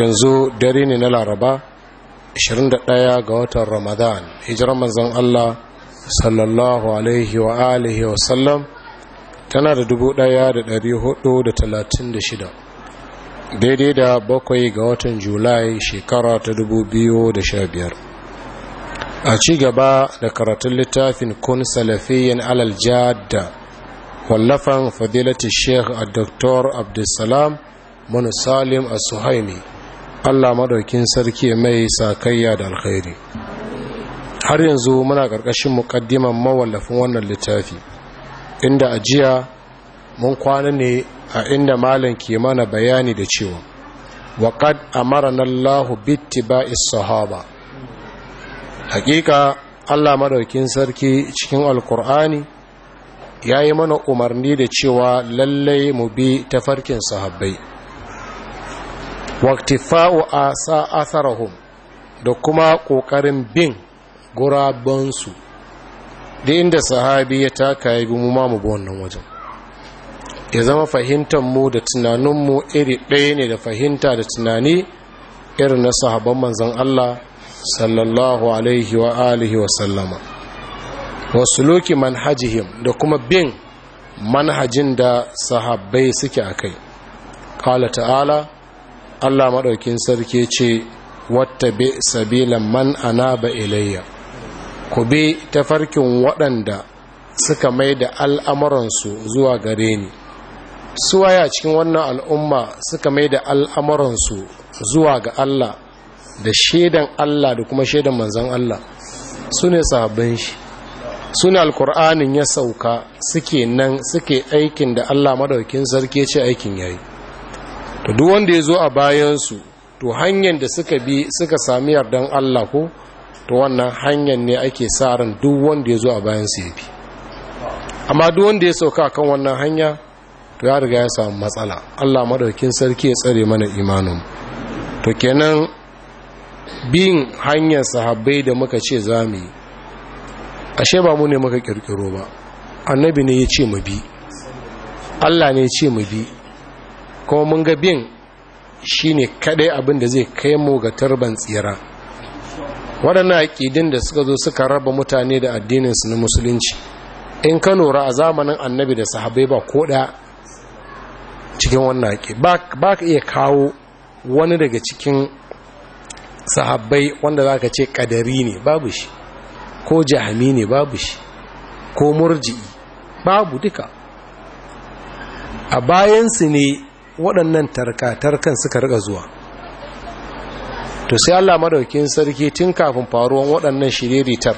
yanzu dare ne na laraba 21 ga watan ramadan hijirar manzan allah sallallahu alaihi wa alihi wa sallam tana da shida, daidai da bakwai ga watan julai shekara ta da sha biyar. a ci gaba da karatun littafin kun salafiyan alal jadda Kwallafan fadilati sheikh a doktor abdulsalam manu salim a suhaimi allah madaukin sarki mai sakayya da alkhairi har yanzu muna ƙarƙashin muƙaddiman mawallafin wannan littafi inda ajiya mun kwana ne a inda malam ke mana bayani da cewa waƙad amarana allahu bittiba'is sahaba hakika allah madaukin sarki cikin alkur'ani ya yi mana umarni da cewa lallai mu bi tafarkin sahabbai waktifa'u a sa'atharahum da kuma ƙoƙarin bin gurabansu da inda sahabi ya taka ya gumu mu ma mu bi wannan wajen ya zama fahimtanmu da tunaninmu iri ɗaya ne da fahimta da tunani irin na sahabban manzan Allah sallallahu alaihi wa alihi wa sallama Wasu wasuluki manhajihim da kuma bin manhajin da sahabbai suke a kai ƙala ta'ala allah maɗaukin sarki ce wata bi sabilan man ba ilayya ku bi ta farkin waɗanda suka mai da al'amuransu zuwa gare ni suwaya cikin wannan al'umma suka mai da al'amuransu zuwa ga allah da shaidan allah da kuma shaidan manzan allah su ne sahabban shi suna alkur'anin ya sauka suke nan suke aikin da allah maɗaukin sarki ya ce aikin yayi to duk wanda ya zo a bayansu to hanyar da suka bi suka sami yardan allah ko to wannan hanyar ne ake sa ran duk wanda ya zo a bayansu ya bi amma duk wanda ya sauka kan wannan hanya to ya riga ya samu matsala allah maɗaukin sarki ya tsare mana imanin to kenan bin hanyar sahabbai da muka ce za yi ashe ba mu ne muka kirkiro ba annabi ne ya ce mu bi Allah ne ya ce mu bi kuma mun ga bin shine kadai abin da zai kai mu ga tarban tsira waɗannan aƙidin da suka zo suka raba mutane da addininsu na musulunci in ka nora a zamanin annabi da sahabai ba ko ɗaya cikin wannan aƙi ba ka iya kawo wani daga cikin sahabbai wanda za ka ce ƙadari ne babu shi ko jahami ne babu shi ko murji'i babu duka a bayansu ne waɗannan tarka-tarkan suka riga zuwa to sai allah madaukin sarki tun kafin faruwar waɗannan shiriritar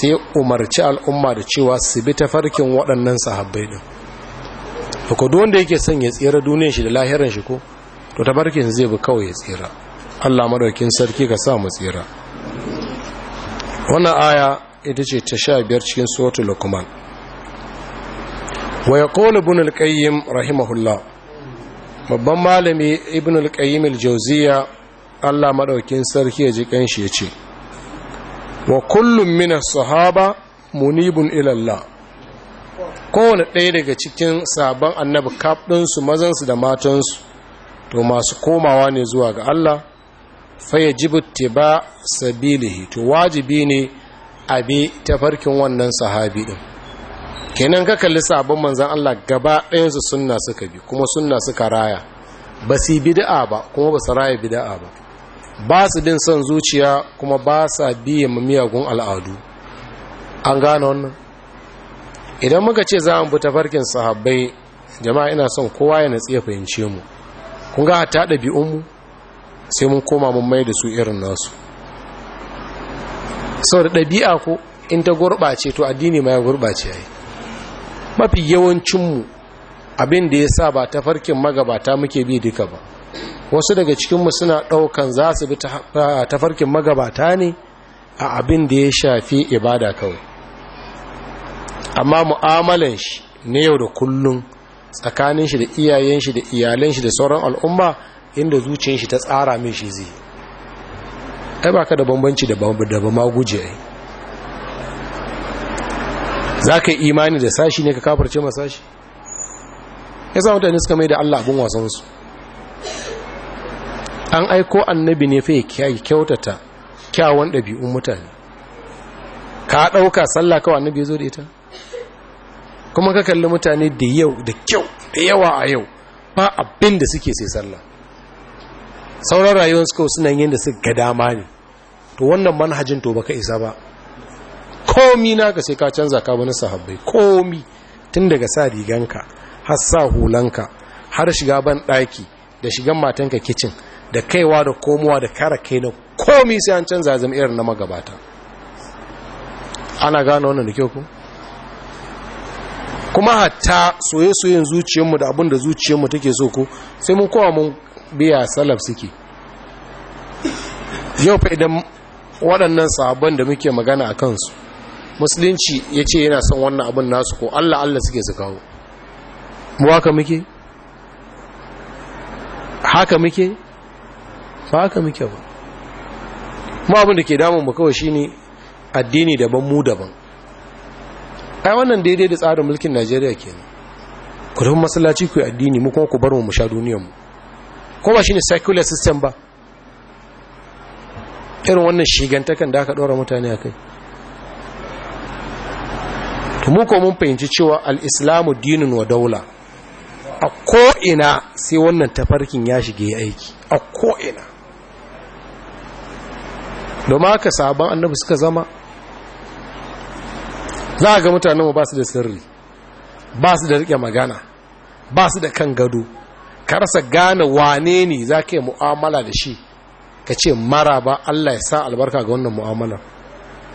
sai umarci al'umma da cewa su bi ta farkin waɗannan sahabbai ɗin ko don da yake son ya tsira duniyar shi da lahiran shi ko to ta tabarkin zai bi kawai ya tsira Allah madaukin sarki ka sa mu tsira wannan aya ita ce ta sha biyar cikin sotu lukuman wa ya kola ibn al-qayyim rahimahullah babban malami ibn al-qayyim jauziya allah maɗaukin sarki ya ji ƙanshi ya ce wa kullum mina sahaba munibun ilallah kowane ɗaya daga cikin sabon annabi kaɗinsu mazansu da matansu to masu komawa ne zuwa ga allah fayajibu tiba sabilihi to wajibi ne a ta tafarkin wannan sahabi din kenan ka kalli sabon manzan Allah gaba ɗayansu sunna suka bi kuma sunna suka raya ba su bid'a ba kuma ba su raya bid'a ba ba su bin son zuciya kuma ba sa biye ma miyagun al'adu an gano wannan idan muka ce za mu bi tafarkin sahabbai jama'a ina son kowa ya natsi ya fahimce mu kun ga ta ɗabi'unmu sai mun koma mun mai da su irin nasu sau da ɗabi'a ko in ta gurɓace to addini ma ya gurɓace ya yi mafi yawancinmu abin da ya sa ba ta farkin magabata muke bi duka ba wasu daga cikinmu suna ɗaukan za su bi ta farkin magabata ne a abin da ya shafi ibada kawai amma mu'amalan shi na yau da kullum tsakanin shi da iyayen shi da iyalen shi da sauran al'umma inda zuciyar shi ta tsara mai shi zai ai ba ka da bambanci da ba guje ai za ka yi imani da sashi ne ka kafarce masa sashi ya sa mutane suka mai da allah abin wasansu an aiko annabi ne fai kyautata kyawun ɗabi'un mutane ka ɗauka sallah kawai annabi ya zo da ita kuma ka kalli mutane da yau da kyau da yawa a yau ba abin da suke sai sallah sauran rayuwar suka suna yin da suka ga dama ne to wannan manhajin to baka isa ba komi ka sai ka canza ka wani sahabbai komi tun daga sa riganka har sa hulanka har shiga ban ɗaki da shigan matanka kicin da kaiwa da komowa da kara kai na komi sai an canza zama irin na magabata ana gane wannan da kyau ku kuma hatta soye-soyen zuciyarmu da abin da zuciyarmu take so ku sai mun kowa mun biya salaf suke yau fa idan waɗannan sabon da muke magana a kansu musulunci ya ce yana son wannan abin nasu ko allah allah suke su kawo mu haka muke haka muke ba haka muke ba ma abin da ke damun mu kawai ne addini daban mu daban ai wannan daidai da tsarin mulkin najeriya kenan ku tafi masallaci ku yi addini mu kuma ku bar mu mu sha duniyanmu ko ba shi ne secular system ba irin wannan shigantakan da aka ɗora mutane a kai mu ko mun fahimci cewa al'islamu dinin wa daula a ko'ina sai wannan tafarkin ya shige aiki a ko'ina domin haka sabon annabi suka zama za a ga mutanenmu ba su da sirri ba su da riƙe magana ba su da kan gado ka rasa gane wane ne za ka yi mu'amala da shi ka ce mara ba Allah ya sa albarka ga wannan mu'amalar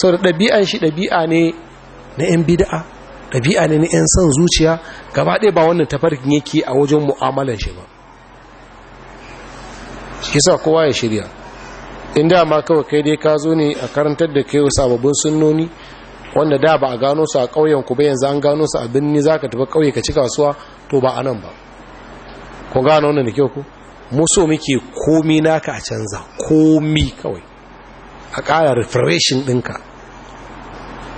sau da ɗabi'an shi ɗabi'a ne na 'yan bida'a ɗabi'a ne na 'yan son zuciya gaba ɗaya ba wannan tafarkin yake a wajen mu'amalan shi ba shi sa kowa ya shirya inda ma kawai kai dai ka zo ne a karantar da kai sababbin sunnoni wanda da ba a gano su a ƙauyen ku ba yanzu an gano su a birni za ka tafi ƙauye ka ci kasuwa to ba a nan ba Ko gano wannan da kyau ku muso muke komi naka a canza komi kawai a kara refreshin ɗinka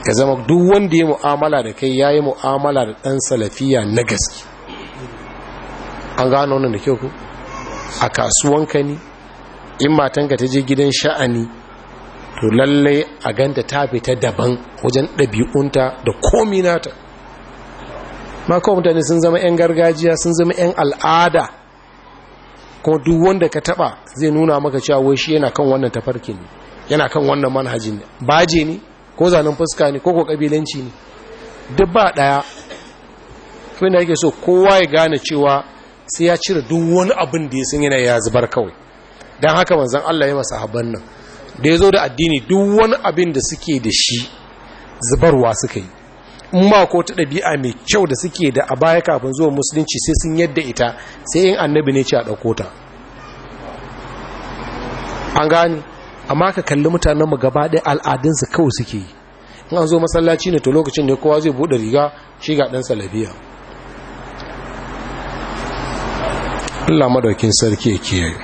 ya zama duk wanda ya mu'amala da kai ya yi mu'amala da ɗan salafiya na gaske an gano wannan da kyau ku a ka ni, in matanka ta je gidan sha'ani to lallai a ganta ta fita daban wajen ɗabi'unta da komi nata ma mutane sun zama 'yan gargajiya sun zama 'yan al'ada kuma duk wanda ka taba zai nuna maka cewa wai shi yana kan wannan tafarkin ne yana kan wannan manhajin ne baje ne ko zanen fuska ne ko ko kabilanci ne duk ba daya abin da yake so kowa ya gane cewa sai ya cire duk wani abin da ya san yana ya zubar kawai dan haka manzon Allah ya masa haban nan da ya zo da addini duk wani abin da suke da shi zubarwa suka yi ma ko ta ɗabi'a mai kyau da suke da a baya kafin zuwa musulunci sai sun yadda ita sai yin annabi ne ce a ɗauko ta an gani amma ka kalli mutanen mu gaba ɗaya al'adunsu kawai suke yi in an zo masallaci ne to lokacin ne kowa zai buɗe riga shi ga ɗan salafiya Allah madaukin sarki ya kiyaye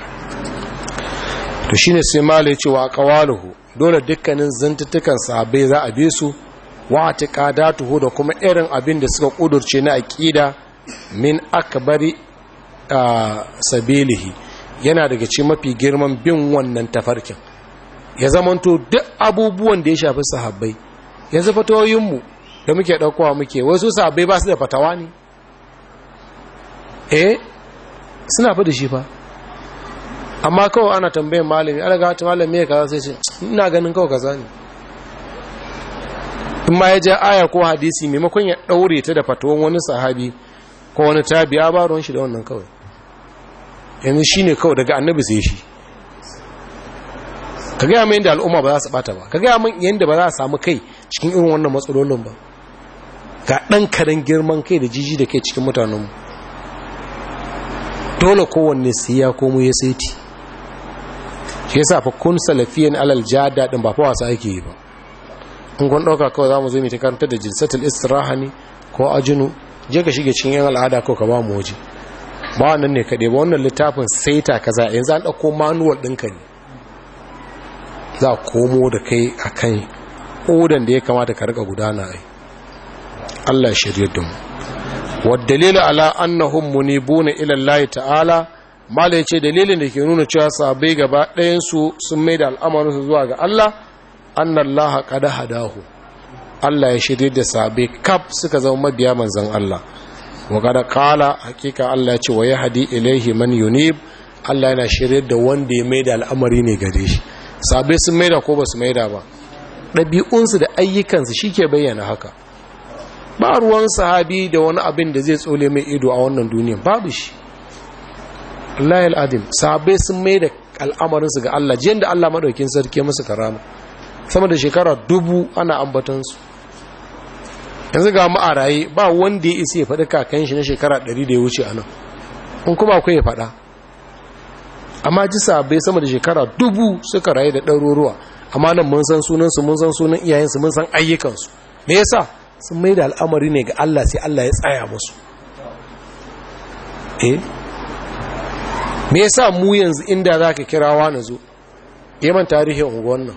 to shine sai malai cewa qawaluhu dole dukkanin zantattukan sahabbai za a bi su wa tuhu da kuma irin abin da suka kudurce na aƙida min akbari sabilihi yana daga ci mafi girman bin wannan tafarkin ya zamanto duk abubuwan da ya shafi sahabbai yanzu mu da muke ɗaukowa muke wasu sahabbai ba su da fatawa ne eh suna fi da shi fa amma kawai ana tambayin malami alaga ta malami ya kaza sai ce ina ganin kawai kaza ne in ma ya ji aya ko hadisi maimakon ya ɗaure ta da fatuwan wani sahabi ko wani tabiya ba ruwan shi da wannan kawai yanzu shi ne kawai daga annabi sai shi ka gaya mai yadda al'umma ba za su bata ba ka gaya mai yadda ba za a samu kai cikin irin wannan matsalolin ba ga ɗan karen girman kai da jiji da kai cikin mutanenmu dole kowanne siya ko mu ya saiti shi sa fa kun salafiyan alal jada ɗin ba fa wasa ake yi ba in kun ɗauka kawai za mu zo mita karanta da jinsatul istiraha ne ko ajinu je ka shige cikin yan al'ada ko ka ba mu waje ba wannan ne kaɗai ba wannan littafin saita kaza yanzu an ɗauko manuwal ɗinka ne za a komo da kai a kan odan da ya kamata ka rika gudana ai Allah shirya da mu waddalilu ala annahum munibuna ila Allah ta'ala mala yace dalilin da ke nuna cewa sabai gaba ɗayan su sun maida al'amarin su zuwa ga Allah Allah kada hadahu Allah ya shirye da sabe kaf suka zama mabiya manzon Allah wa kala hakika Allah ya ce wa hadi ilaihi man yunib Allah yana shirye da wanda ya maida al'amari ne gare shi sabe sun maida ko ba su maida ba ɗabi'unsu da ayyukansu shi ke bayyana haka ba ruwan sahabi da wani abin da zai tsole mai ido a wannan duniya babu shi Allah al'adim sabe sun mai da al'amarinsu ga Allah jiyan da Allah maɗaukin sarki masu karama sama da shekara dubu ana ambatansu yanzu ga ma'araye ba wanda ya isa ya faɗi kakan shi na shekara 100 da ya wuce a nan in kuma akwai ya faɗa amma ji sabai sama da shekara dubu suka rayu da ɗaruruwa amma nan mun san sunansu mun san sunan iyayensu mun san ayyukansu me yasa sun mai da al'amari ne ga Allah sai Allah ya tsaya musu eh me yasa mu yanzu inda za ka kira wa na zo yaman tarihin unguwan nan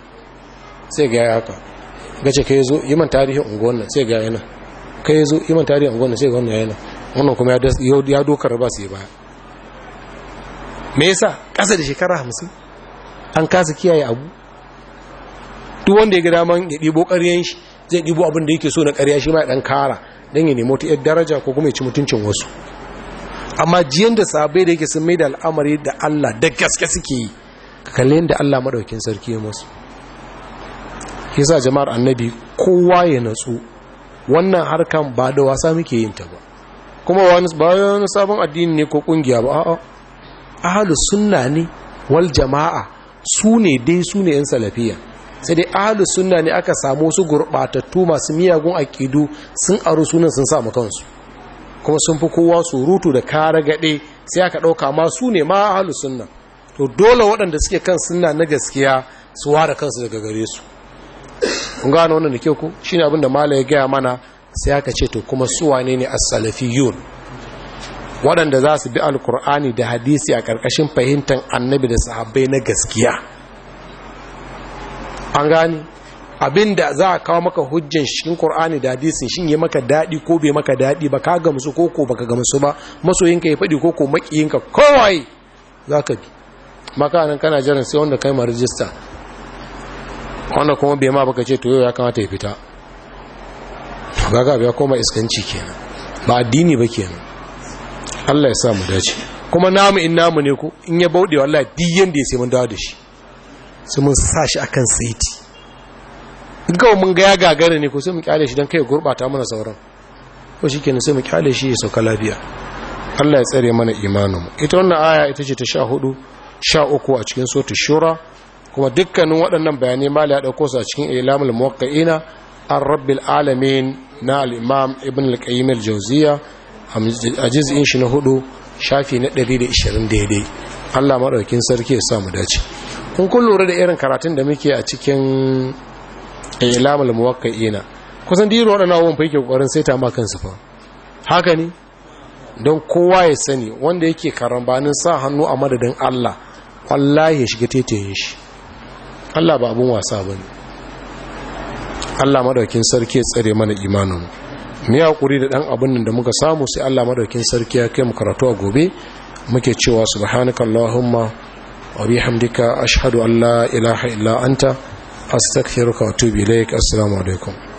sai ga ya haka gace yi zo yi man tarihi unguwan nan sai ga yana yi zo yi man tarihi unguwan nan sai ga wannan yana wannan kuma ya dokar ba su yi baya me yasa ƙasa da shekara hamsin an kasa kiyaye abu duk wanda ya ga man ya ɗibo ƙaryen shi zai ɗibo abin da yake so na ƙarya shi ma ya ɗan kara don ya nemo ta yar daraja ko kuma ya ci mutuncin wasu amma jiyan da sabai da yake sun mai da al'amari da Allah da gaske suke yi ka kalli yadda Allah maɗaukin sarki ya masu yasa jama'ar annabi kowa ya natsu wannan harkan ba da wasa muke yin ta ba kuma wani bayan sabon addini ne ko kungiya ba a'a ahlus sunna ne wal jama'a su ne dai su ne yan salafiya sai dai ahlus sunna ne aka samu su gurbatattu masu miyagun akidu sun aro sunan sun samu kansu kuma sun fi kowa surutu da kara gade sai aka ɗauka ma su ne ma ahlus sunna to dole waɗanda suke kan sunna na gaskiya su ware kansu daga gare su kun gano wannan da kyau ko ne abin da ya gaya mana sai aka ce to kuma su wane ne asalafi yun waɗanda za su bi alkur'ani da hadisi a ƙarƙashin fahimtar annabi da sahabbai na gaskiya an gani abinda za a kawo maka hujjan cikin kur'ani da hadisi shin yi maka daɗi ko bai maka daɗi ba ka gamsu ko ko baka gamsu ba masoyinka ya faɗi ko ko kowai za ka bi makanan kana jiran sai wanda kai ma rijista wanda kuma bai ma baka ce to yau ya kamata ya fita to ga ya koma iskanci kenan ba addini ba kenan Allah ya sa mu dace kuma namu in namu ne ko in ya bauɗe wallahi duk yanda ya sai mun dawo da shi sai mun sa shi akan saiti in ga mun ga ya gagara ne ko sai mu kyale shi don kai gurbata mana sauran ko shi kenan sai mu kyale shi ya sauka lafiya Allah ya tsare mana mu ita wannan aya ita ce ta sha hudu sha uku a cikin suratul shura kuma dukkanin waɗannan bayanai mala ya ɗauko su a cikin ilamul muwakka'ina an rabbil alamin na al-imam ibn al-qayyim al-jawziya a juz'in shi na hudu shafi na ishirin daidai Allah madaukin sarki ya sa mu dace kun kun lura da irin karatun da muke a cikin ilamul muwakka'ina kusan diro waɗannan abubuwan fa yake kokarin sai ta ma kansu fa haka ne don kowa ya sani wanda yake karambanin sa hannu a madadin Allah wallahi ya shiga tetayen shi Allah ba abun wasa ba ne Allah madaukin sarki ya tsare mana imanin mu ya hakuri da dan abin da muka samu sai Allah madaukin sarki ya kai mu karatu a gobe muke cewa subhanakallahumma wa bihamdika ashhadu an la ilaha illa anta astaghfiruka wa atubu ilaik assalamu alaikum